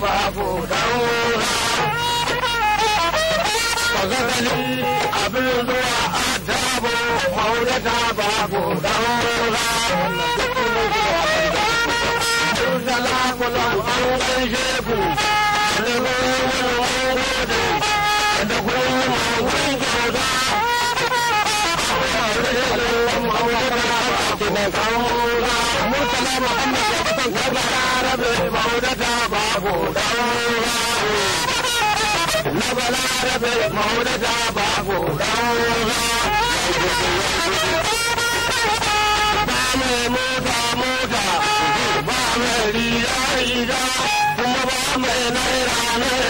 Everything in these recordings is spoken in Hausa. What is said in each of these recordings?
babu dan wura. abin zuwa a dabo maulata babu da wura. Tuzala kulan an ƙarshe goga murtala muhammad ya kasan kaga rabe maudata babu daura babu mai mota mota ba mai kuma ba mai naira naira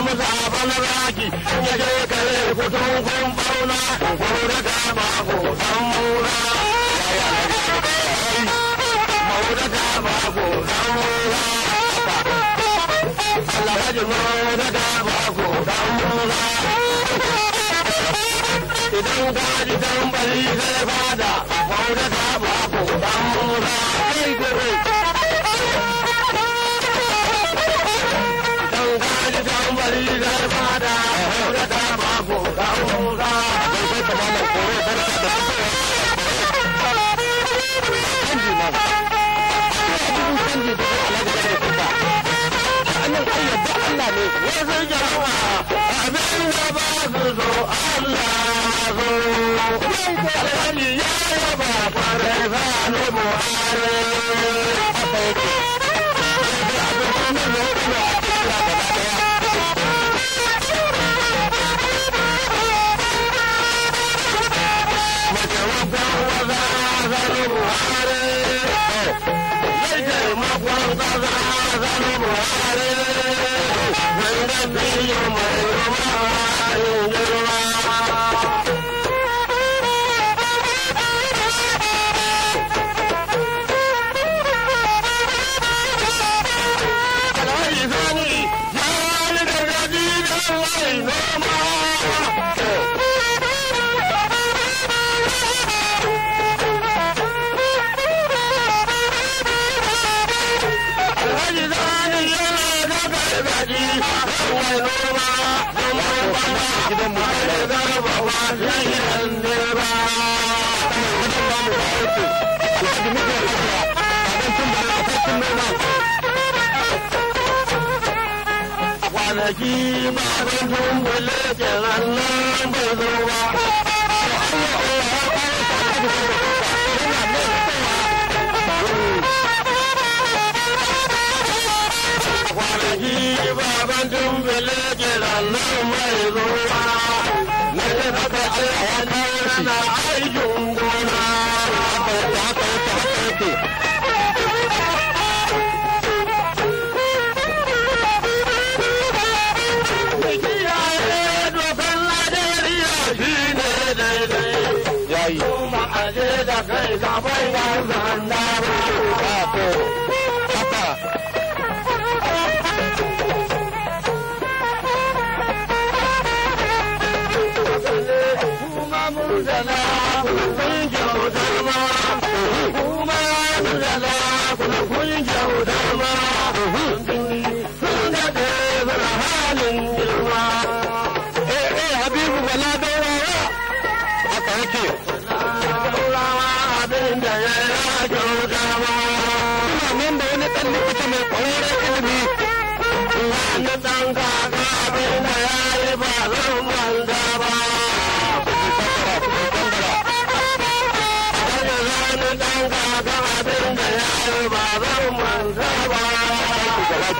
musu abin raki ya je kare kutun kun bauna ko mura mura mura Idan ka ji tambari zai bada babu cikin canji da zai alaƙa Allah ne ya san jama'a abin da ba su zo Allah ya yaba kwarai zanu buhari a kwanaki ba zan kumbule jiran nan ba zo ba. Kwanaki ba gele jiran nan mai ruwa na ji haka Allah ya kawo rana aikin gona haka da haka haka kai gaban yan zanda ba 过了关就。